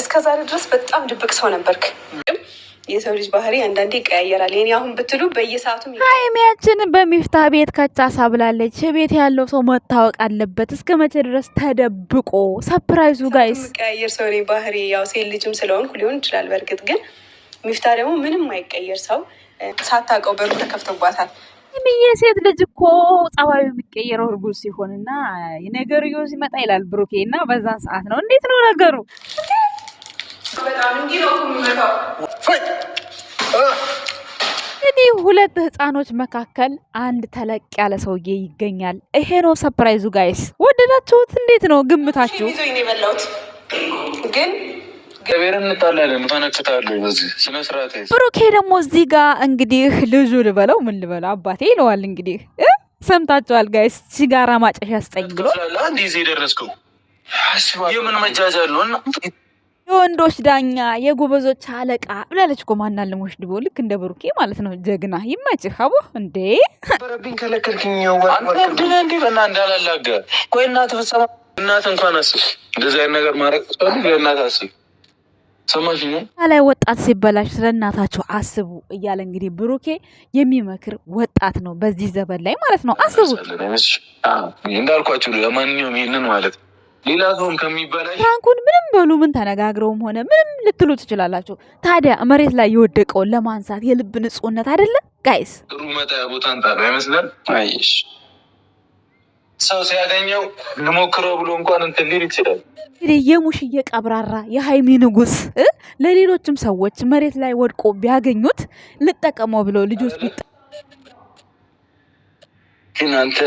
እስከ ዛሬ ድረስ በጣም ድብቅ ሰው ነበርክ። የሰው ልጅ ባህሪ አንዳንዴ ይቀያየራል። ኔ አሁን ብትሉ በየሰዓቱም ሀይሚያችን በሚፍታ ቤት ካቻሳ ብላለች። ቤት ያለው ሰው መታወቅ አለበት። እስከ መቼ ድረስ ተደብቆ ሰፕራይዙ ጋይስ ቀያየር ሰው እኔ ባህሪ ያው ሴት ልጅም ስለሆንኩ ሊሆን ይችላል። በእርግጥ ግን ሚፍታ ደግሞ ምንም አይቀየር ሰው ሳታውቀው በሩ ተከፍቶባታል። ሀይሚዬ ሴት ልጅ እኮ ጸባዩ የሚቀየረው እርጉዝ ሲሆን እና ነገርዮ ሲመጣ ይላል ብሩኬ እና በዛን ሰዓት ነው እንዴት ነው ነገሩ? እንግዲህ ሁለት ህፃኖች መካከል አንድ ተለቅ ያለ ሰውዬ ይገኛል። ይሄ ነው ሰፕራይዙ። ጋይስ ወደዳችሁት? እንዴት ነው ግምታችሁ? ግን ብሩኬ ደግሞ እዚህ ጋር እንግዲህ ልጁ ልበለው ምን ልበለው አባቴ ይለዋል። እንግዲህ ሰምታችኋል ጋይስ፣ ሲጋራ ማጨሻ ያስጠኝ ብሎ የምን መጃጃ የወንዶች ዳኛ የጎበዞች አለቃ ብላለች እኮ ማናል ወሽድ ልክ እንደ ብሩኬ ማለት ነው። ጀግና ይመችህ። አቦ እንዴ በረብኝ ከለከልክኝ። እንዳላላገ ቆይ እናት ብትሰማ እናት እንኳን አስብ እንደዚህ አይነት ነገር ማድረግ እናት አስብ ላይ ወጣት ሲበላሽ ስለ እናታቸው አስቡ እያለ እንግዲህ ብሩኬ የሚመክር ወጣት ነው በዚህ ዘበን ላይ ማለት ነው። አስቡ እንዳልኳችሁ ለማንኛውም ይህንን ማለት ነው ሌላ ሰውን ከሚበላሽ ፍራንኩን ምንም በሉ ምን ተነጋግረውም ሆነ ምንም ልትሉ ትችላላችሁ። ታዲያ መሬት ላይ የወደቀውን ለማንሳት የልብ ንጹህነት አይደለም ጋይስ። ጥሩ መጣያ ቦታ እንጣሉ አይመስላል። አይሽ ሰው ሲያገኘው ልሞክረው ብሎ እንኳን እንትን ሊል ይችላል። እንግዲህ የሙሽዬ ቀብራራ የሀይሚ ንጉስ ለሌሎችም ሰዎች መሬት ላይ ወድቆ ቢያገኙት ልጠቀመው ብለው ልጆች ቢጠ ግን አንተ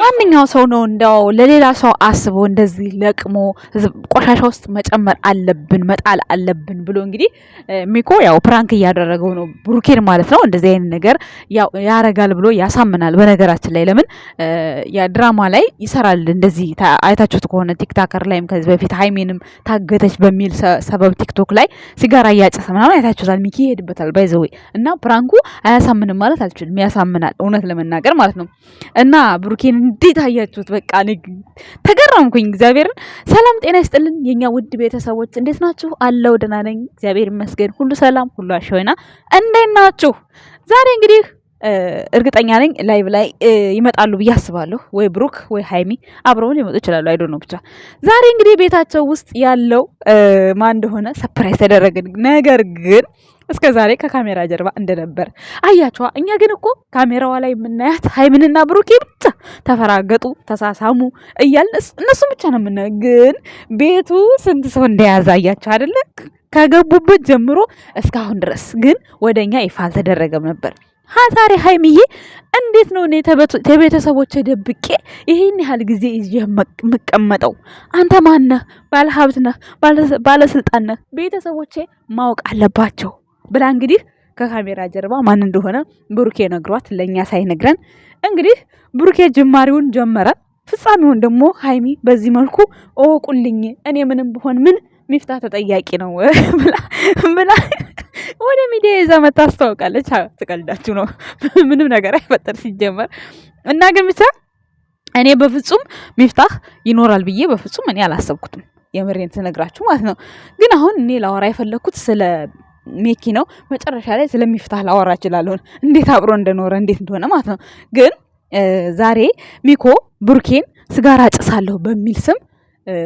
ማንኛው ሰው ነው እንደው ለሌላ ሰው አስቦ እንደዚህ ለቅሞ ቆሻሻ ውስጥ መጨመር አለብን መጣል አለብን ብሎ እንግዲህ ሚኮ ያው ፕራንክ እያደረገው ነው ብሩኬን ማለት ነው። እንደዚህ አይነት ነገር ያረጋል ብሎ ያሳምናል። በነገራችን ላይ ለምን ድራማ ላይ ይሰራል እንደዚህ አይታችሁት ከሆነ ቲክታከር ላይም ከዚህ በፊት ሀይሜንም ታገተች በሚል ሰበብ ቲክቶክ ላይ ሲጋራ እያጨሰ ምናምን አይታችሁታል። ሚኪ ይሄድበታል ባይዘዌ እና ፕራንኩ አያሳምንም ማለት አልችልም፣ ያሳምናል እውነት ለመናገር ማለት ነው። እና ብሩኬን እንዴት አያችሁት? በቃ ተገረምኩኝ። እግዚአብሔርን። ሰላም ጤና ይስጥልን የኛ ውድ ቤተሰቦች እንዴት ናችሁ? አለው ደህና ነኝ እግዚአብሔር ይመስገን፣ ሁሉ ሰላም፣ ሁሉ አሸወና። እንዴት ናችሁ? ዛሬ እንግዲህ እርግጠኛ ነኝ ላይቭ ላይ ይመጣሉ ብዬ አስባለሁ። ወይ ብሩክ ወይ ሀይሚ አብረውን ሊመጡ ይችላሉ። አይዶ ነው ብቻ ዛሬ እንግዲህ ቤታቸው ውስጥ ያለው ማን እንደሆነ ሰፕራይዝ ተደረግን። ነገር ግን እስከ ዛሬ ከካሜራ ጀርባ እንደነበር አያቸዋ እኛ ግን እኮ ካሜራዋ ላይ የምናያት ሀይምንና ብሩኬ ብቻ ተፈራገጡ፣ ተሳሳሙ እያልን እነሱ ብቻ ነው የምናየው። ግን ቤቱ ስንት ሰው እንደያዘ አያቸው አይደለ? ከገቡበት ጀምሮ እስካሁን ድረስ ግን ወደኛ ይፋ አልተደረገም ነበር። ሀዛሪ ሀይምዬ እንዴት ነው እኔ ከቤተሰቦቼ ደብቄ ይህን ያህል ጊዜ ይዤ የምቀመጠው? አንተ ማነህ? ባለሀብት ነህ? ባለስልጣን ነህ? ቤተሰቦቼ ማወቅ አለባቸው። ብላ እንግዲህ ከካሜራ ጀርባ ማን እንደሆነ ብሩኬ ነግሯት ለእኛ ሳይነግረን እንግዲህ ብሩኬ ጅማሬውን ጀመረ። ፍጻሜውን ደግሞ ሀይሚ በዚህ መልኩ እወቁልኝ፣ እኔ ምንም ብሆን ምን ሚፍታ ተጠያቂ ነው ብላ ወደ ሚዲያ ይዛ መታ አስታውቃለች። ትቀልዳችሁ ነው፣ ምንም ነገር አይፈጠር ሲጀመር እና ግን ብቻ እኔ በፍጹም ሚፍታህ ይኖራል ብዬ በፍጹም እኔ አላሰብኩትም። የምሬን ትነግራችሁ ማለት ነው። ግን አሁን እኔ ላወራ የፈለግኩት ስለ ሜኪ ነው። መጨረሻ ላይ ስለሚፍታህ ላወራ እችላለሁ፣ እንዴት አብሮ እንደኖረ እንዴት እንደሆነ ማለት ነው። ግን ዛሬ ሚኮ ብሩኬን ስጋራ ጭሳለሁ በሚል ስም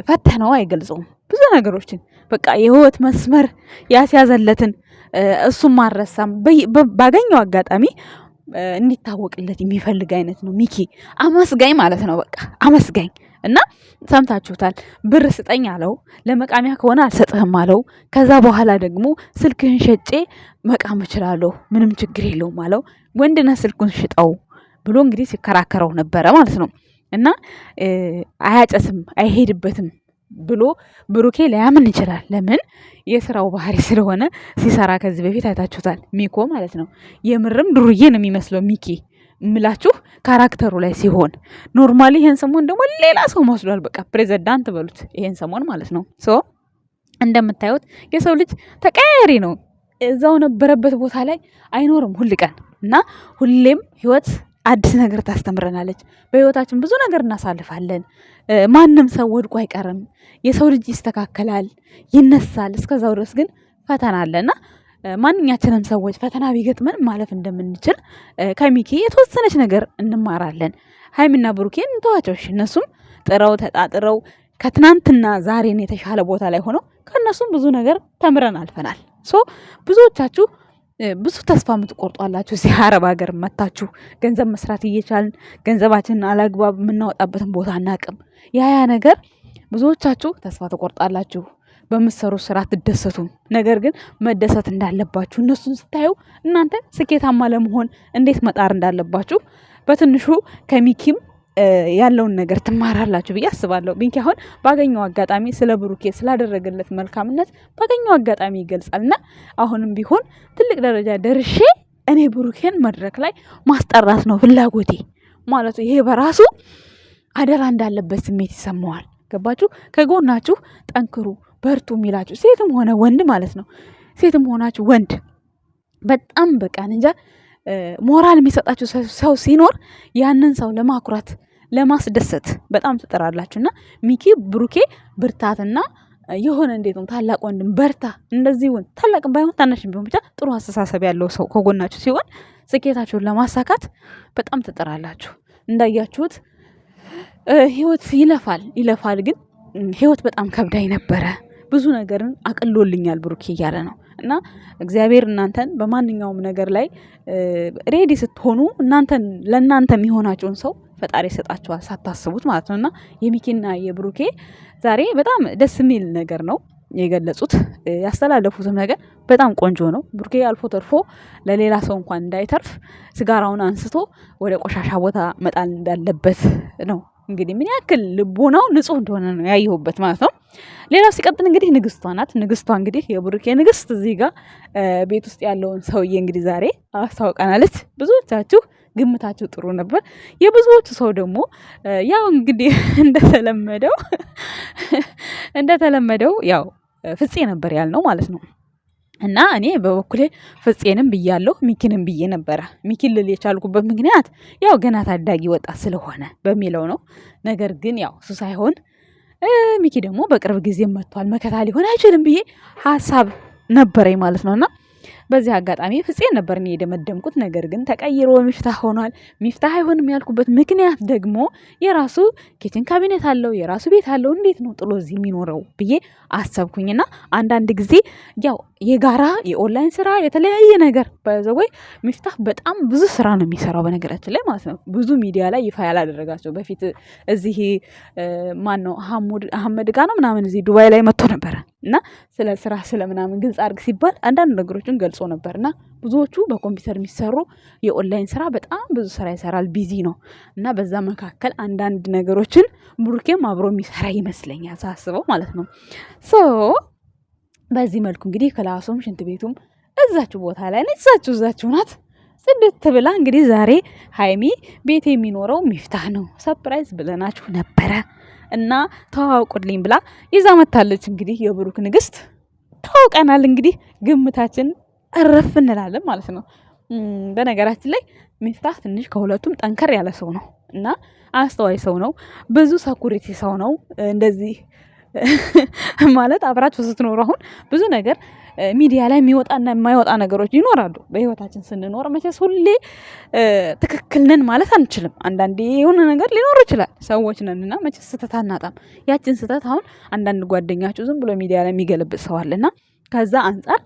ፈተህ ነው አይገልጸውም። ብዙ ነገሮችን በቃ የህይወት መስመር ያስያዘለትን እሱም አልረሳም። ባገኘው አጋጣሚ እንዲታወቅለት የሚፈልግ አይነት ነው። ሚኪ አመስጋኝ ማለት ነው። በቃ አመስጋኝ እና ሰምታችሁታል። ብር ስጠኝ አለው። ለመቃሚያ ከሆነ አልሰጥህም አለው። ከዛ በኋላ ደግሞ ስልክህን ሸጬ መቃም እችላለሁ፣ ምንም ችግር የለውም አለው። ወንድነህ ስልኩን ሽጠው ብሎ እንግዲህ ሲከራከረው ነበረ ማለት ነው። እና አያጨስም፣ አይሄድበትም ብሎ ብሩኬ ሊያምን ይችላል። ለምን የስራው ባህሪ ስለሆነ ሲሰራ ከዚህ በፊት አይታችሁታል። ሚኮ ማለት ነው። የምርም ዱርዬ ነው የሚመስለው ሚኬ። ምላችሁ ካራክተሩ ላይ ሲሆን ኖርማሊ ይሄን ሰሞን ደግሞ ሌላ ሰው መስሏል። በቃ ፕሬዚዳንት በሉት ይሄን ሰሞን ማለት ነው። ሶ እንደምታዩት የሰው ልጅ ተቀያሪ ነው። እዛው ነበረበት ቦታ ላይ አይኖርም ሁል ቀን እና ሁሌም ህይወት አዲስ ነገር ታስተምረናለች። በህይወታችን ብዙ ነገር እናሳልፋለን። ማንም ሰው ወድቆ አይቀርም። የሰው ልጅ ይስተካከላል፣ ይነሳል። እስከዛው ድረስ ግን ፈተና አለና ማንኛችንም ሰዎች ፈተና ቢገጥመን ማለፍ እንደምንችል ከሚኬ የተወሰነች ነገር እንማራለን። ሀይሚና ብሩኬን እንተዋቸው። እነሱም ጥረው ተጣጥረው ከትናንትና ዛሬን የተሻለ ቦታ ላይ ሆነው ከእነሱም ብዙ ነገር ተምረን አልፈናል። ሶ ብዙዎቻችሁ ብዙ ተስፋ የምትቆርጧላችሁ እዚህ አረብ ሀገር መታችሁ ገንዘብ መስራት እየቻልን ገንዘባችንን አላግባብ የምናወጣበትን ቦታ አናቅም። ያ ያ ነገር ብዙዎቻችሁ ተስፋ ትቆርጣላችሁ። በምትሰሩ ስራ አትደሰቱም። ነገር ግን መደሰት እንዳለባችሁ እነሱን ስታዩ እናንተ ስኬታማ ለመሆን እንዴት መጣር እንዳለባችሁ በትንሹ ከሚኪም ያለውን ነገር ትማራላችሁ ብዬ አስባለሁ። ቢንኪ አሁን ባገኘው አጋጣሚ ስለ ብሩኬ ስላደረገለት መልካምነት ባገኘው አጋጣሚ ይገልጻል እና አሁንም ቢሆን ትልቅ ደረጃ ደርሼ እኔ ብሩኬን መድረክ ላይ ማስጠራት ነው ፍላጎቴ ማለት ይሄ በራሱ አደራ እንዳለበት ስሜት ይሰማዋል። ገባችሁ? ከጎናችሁ ጠንክሩ። በርቱ የሚላችሁ ሴትም ሆነ ወንድ ማለት ነው። ሴትም ሆናችሁ ወንድ በጣም በቃ እንጃ ሞራል የሚሰጣችሁ ሰው ሲኖር ያንን ሰው ለማኩራት ለማስደሰት በጣም ትጥራላችሁ። እና ሚኪ ብሩኬ ብርታትና የሆነ እንዴት ነው ታላቅ ወንድም በርታ፣ እንደዚህ ውን ባይሆን ታናሽ ቢሆን ብቻ ጥሩ አስተሳሰብ ያለው ሰው ከጎናችሁ ሲሆን ስኬታችሁን ለማሳካት በጣም ትጥራላችሁ። እንዳያችሁት ህይወት ይለፋል ይለፋል፣ ግን ህይወት በጣም ከብዳኝ ነበረ። ብዙ ነገርን አቅሎልኛል ብሩኬ እያለ ነው። እና እግዚአብሔር እናንተን በማንኛውም ነገር ላይ ሬዲ ስትሆኑ እናንተን ለእናንተ የሚሆናቸውን ሰው ፈጣሪ ይሰጣችኋል፣ ሳታስቡት ማለት ነው። እና የሚኪና የብሩኬ ዛሬ በጣም ደስ የሚል ነገር ነው የገለጹት ያስተላለፉትም ነገር በጣም ቆንጆ ነው። ብሩኬ አልፎ ተርፎ ለሌላ ሰው እንኳን እንዳይተርፍ ስጋራውን አንስቶ ወደ ቆሻሻ ቦታ መጣል እንዳለበት ነው እንግዲህ ምን ያክል ልቦናው ንጹህ እንደሆነ ነው ያየሁበት ማለት ነው። ሌላው ሲቀጥል እንግዲህ ንግስቷ ናት። ንግስቷ እንግዲህ የብሩኬ ንግስት እዚህ ጋር ቤት ውስጥ ያለውን ሰውዬ እንግዲህ ዛሬ አስታውቀናለች። ብዙዎቻችሁ ግምታችሁ ጥሩ ነበር። የብዙዎቹ ሰው ደግሞ ያው እንግዲህ እንደተለመደው እንደተለመደው ያው ፍፄ ነበር ያልነው ማለት ነው። እና እኔ በበኩሌ ፍፄንም ብያለሁ፣ ሚኪንም ብዬ ነበረ። ሚኪን ልል የቻልኩበት ምክንያት ያው ገና ታዳጊ ወጣት ስለሆነ በሚለው ነው። ነገር ግን ያው እሱ ሳይሆን ሚኪ ደግሞ በቅርብ ጊዜ መጥቷል፣ መከታ ሊሆን አይችልም ብዬ ሀሳብ ነበረኝ ማለት ነውና በዚህ አጋጣሚ ፍፄን ነበር እኔ የደመደምኩት። ነገር ግን ተቀይሮ ሚፍታህ ሆኗል። ሚፍታህ አይሆንም ያልኩበት ምክንያት ደግሞ የራሱ ኪችን ካቢኔት አለው፣ የራሱ ቤት አለው። እንዴት ነው ጥሎ እዚህ የሚኖረው ብዬ አሰብኩኝና አንዳንድ ጊዜ ያው የጋራ የኦንላይን ስራ የተለያየ ነገር በዘወይ ሚፍታህ በጣም ብዙ ስራ ነው የሚሰራው በነገራችን ላይ ማለት ነው። ብዙ ሚዲያ ላይ ይፋ ያላደረጋቸው በፊት እዚህ ማን ነው አህመድ ጋ ነው ምናምን እዚህ ዱባይ ላይ መጥቶ ነበረ እና ስለ ስራ ስለ ምናምን ግልጽ አድርግ ሲባል አንዳንድ ነገሮችን ገልጾ ነበር እና ብዙዎቹ በኮምፒውተር የሚሰሩ የኦንላይን ስራ በጣም ብዙ ስራ ይሰራል፣ ቢዚ ነው እና በዛ መካከል አንዳንድ ነገሮችን ብሩኬም አብሮ የሚሰራ ይመስለኛል ሳስበው ማለት ነው ሶ በዚህ መልኩ እንግዲህ ክላሱም ሽንት ቤቱም እዛችሁ ቦታ ላይ ነች፣ እዛችሁ እዛችሁ ናት። ጽድት ብላ እንግዲህ ዛሬ ሀይሚ ቤት የሚኖረው ሚፍታህ ነው ሰፕራይዝ ብለናችሁ ነበረ እና ተዋውቁልኝ ብላ ይዛ መታለች። እንግዲህ የብሩክ ንግስት ተዋውቀናል እንግዲህ ግምታችን እረፍ እንላለን ማለት ነው። በነገራችን ላይ ሚፍታህ ትንሽ ከሁለቱም ጠንከር ያለ ሰው ነው እና አስተዋይ ሰው ነው። ብዙ ሰኩሪቲ ሰው ነው እንደዚህ ማለት አብራችሁ ስትኖሩ አሁን ብዙ ነገር ሚዲያ ላይ የሚወጣና የማይወጣ ነገሮች ይኖራሉ። በህይወታችን ስንኖር መቼስ ሁሌ ትክክል ነን ማለት አንችልም። አንዳንዴ የሆነ ነገር ሊኖር ይችላል። ሰዎች ነንና መቼስ ስህተት አናጣም። ያችን ስህተት አሁን አንዳንድ ጓደኛችሁ ዝም ብሎ ሚዲያ ላይ የሚገለብጥ ሰዋልና ከዛ አንጻር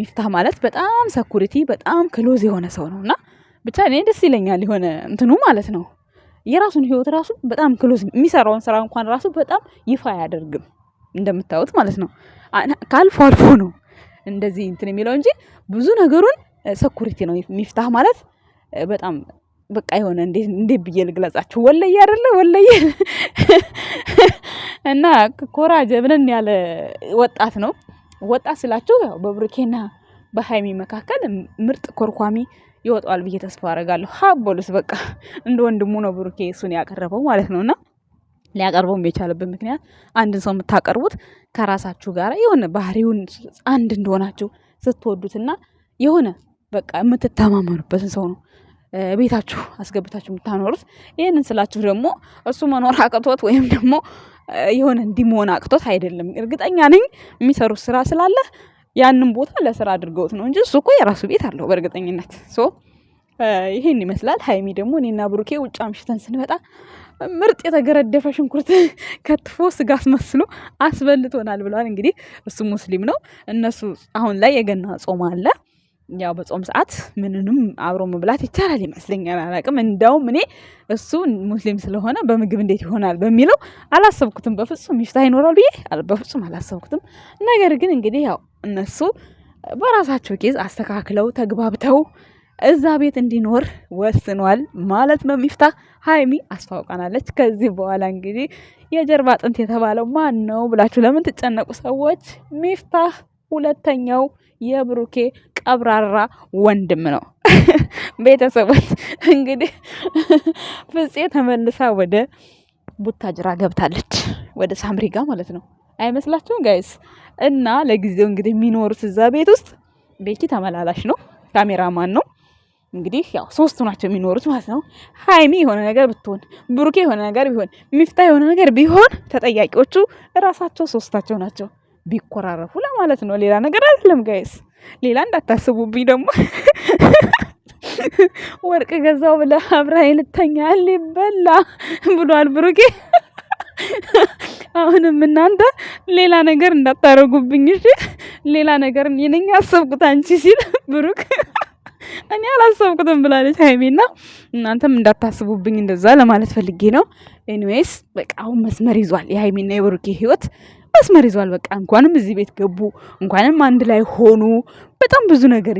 ሚፍታህ ማለት በጣም ሰኩሪቲ በጣም ክሎዝ የሆነ ሰው ነው እና ብቻ እኔ ደስ ይለኛል የሆነ እንትኑ ማለት ነው የራሱን ህይወት ራሱ በጣም ክሎዝ የሚሰራውን ስራ እንኳን ራሱ በጣም ይፋ አያደርግም እንደምታዩት ማለት ነው። ካልፎ አልፎ ነው እንደዚህ እንትን የሚለው እንጂ ብዙ ነገሩን ሰኩሪቲ ነው የሚፍታህ ማለት በጣም በቃ የሆነ እንዴት ብዬ ልግለጻችሁ፣ ወለየ አደለ ወለየ እና ኮራ ጀብነን ያለ ወጣት ነው። ወጣት ስላችሁ በብሩኬና በሀይሚ መካከል ምርጥ ኮርኳሚ ይወጣዋል ብዬ ተስፋ አረጋለሁ። ሀቦልስ በቃ እንደ ወንድሙ ነው ብሩኬ እሱን ያቀረበው ማለት ነውና ሊያቀርበው የቻለበት ምክንያት አንድን ሰው የምታቀርቡት ከራሳችሁ ጋር የሆነ ባህሪውን አንድ እንደሆናችሁ ስትወዱትና የሆነ በቃ የምትተማመኑበትን ሰው ነው ቤታችሁ አስገብታችሁ የምታኖሩት። ይህንን ስላችሁ ደግሞ እሱ መኖር አቅቶት ወይም ደግሞ የሆነ እንዲህ መሆን አቅቶት አይደለም። እርግጠኛ ነኝ የሚሰሩት ስራ ስላለ ያንን ቦታ ለስራ አድርገውት ነው እንጂ እሱ እኮ የራሱ ቤት አለው በእርግጠኝነት። ሶ ይሄን ይመስላል። ሀይሚ ደግሞ እኔና ብሩኬ ውጭ አምሽተን ስንመጣ ምርጥ የተገረደፈ ሽንኩርት ከትፎ ስጋ አስመስሎ አስበልቶናል ብለዋል። እንግዲህ እሱ ሙስሊም ነው፣ እነሱ አሁን ላይ የገና ጾም አለ ያው በጾም ሰዓት ምንንም አብሮ መብላት ይቻላል ይመስለኛል፣ አላቅም። እንደውም እኔ እሱ ሙስሊም ስለሆነ በምግብ እንዴት ይሆናል በሚለው አላሰብኩትም፣ በፍጹም ይፍታ ይኖራል ብዬ በፍጹም አላሰብኩትም። ነገር ግን እንግዲህ ያው እነሱ በራሳቸው ኬዝ አስተካክለው ተግባብተው እዛ ቤት እንዲኖር ወስኗል ማለት ነው። ሚፍታ ሀይሚ አስተዋውቃናለች። ከዚህ በኋላ እንግዲህ የጀርባ አጥንት የተባለው ማን ነው ብላችሁ ለምን ትጨነቁ ሰዎች፣ ሚፍታ ሁለተኛው የብሩኬ አብራራ ወንድም ነው። ቤተሰቦች እንግዲህ ፍፄ ተመልሳ ወደ ቡታጅራ ገብታለች፣ ወደ ሳምሪ ጋ ማለት ነው። አይመስላችሁም ጋይስ? እና ለጊዜው እንግዲህ የሚኖሩት እዛ ቤት ውስጥ ቤኪ ተመላላሽ ነው፣ ካሜራማን ነው። እንግዲህ ያው ሶስቱ ናቸው የሚኖሩት ማለት ነው። ሀይሚ የሆነ ነገር ብትሆን፣ ብሩኬ የሆነ ነገር ቢሆን፣ ሚፍታ የሆነ ነገር ቢሆን ተጠያቂዎቹ እራሳቸው ሶስታቸው ናቸው። ቢኮራረፉ ለማለት ነው። ሌላ ነገር አይደለም ጋይስ፣ ሌላ እንዳታስቡብኝ ደግሞ ወርቅ ገዛው ብለ አብረሃኝ ልተኛል ይበላ ብሏል ብሩኬ። አሁንም እናንተ ሌላ ነገር እንዳታረጉብኝ እሺ። ሌላ ነገር እኔ ያሰብኩት አንቺ ሲል ብሩክ እኔ አላሰብኩትም ብላለች ሀይሜና፣ እናንተም እንዳታስቡብኝ እንደዛ ለማለት ፈልጌ ነው። ኤኒዌይስ በቃ አሁን መስመር ይዟል የሀይሜና የብሩኬ ህይወት። መስመር ይዟል። በቃ እንኳንም እዚህ ቤት ገቡ፣ እንኳንም አንድ ላይ ሆኑ። በጣም ብዙ ነገር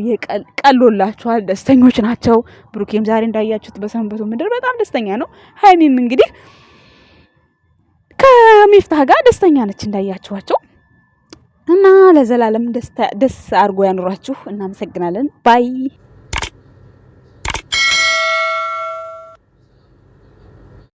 ቀሎላቸዋል። ደስተኞች ናቸው። ብሩኬም ዛሬ እንዳያችሁት በሰንበቱ ምድር በጣም ደስተኛ ነው። ሀይሚም እንግዲህ ከሚፍታህ ጋር ደስተኛ ነች እንዳያችኋቸው እና ለዘላለም ደስ አድርጎ ያኑራችሁ። እናመሰግናለን ባይ